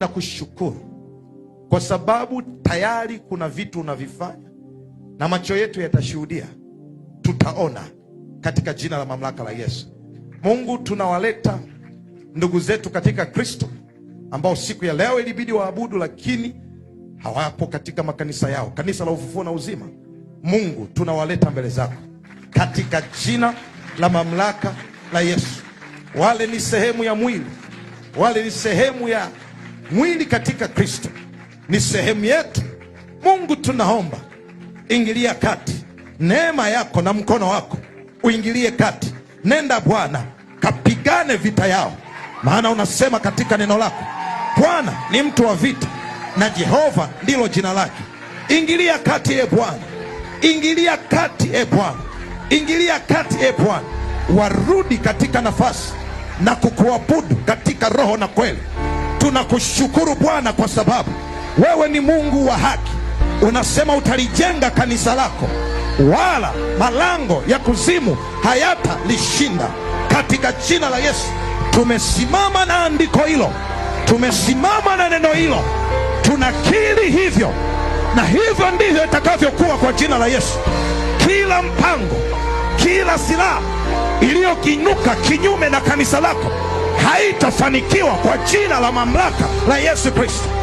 na kushukuru kwa sababu tayari kuna vitu unavifanya na macho yetu yatashuhudia, tutaona katika jina la mamlaka la Yesu. Mungu, tunawaleta ndugu zetu katika Kristo ambao siku ya leo ilibidi waabudu, lakini hawapo katika makanisa yao, kanisa la ufufuo na uzima. Mungu, tunawaleta mbele zako katika jina la mamlaka la Yesu. Wale ni sehemu ya mwili, wale ni sehemu ya mwili katika Kristo ni sehemu yetu. Mungu tunaomba, ingilia kati, neema yako na mkono wako uingilie kati. Nenda Bwana, kapigane vita yao, maana unasema katika neno lako, Bwana ni mtu wa vita na Jehova ndilo jina lake. Ingilia kati, e Bwana, ingilia kati, e Bwana, ingilia kati, e Bwana, warudi katika nafasi na kukuabudu katika roho na kweli tunakushukuru Bwana kwa sababu wewe ni Mungu wa haki. Unasema utalijenga kanisa lako, wala malango ya kuzimu hayatalishinda. Katika jina la Yesu tumesimama na andiko hilo, tumesimama na neno hilo, tunakiri hivyo, na hivyo ndivyo itakavyokuwa kwa jina la Yesu. Kila mpango, kila silaha iliyokinuka kinyume na kanisa lako haitafanikiwa kwa jina la mamlaka la Yesu Kristo.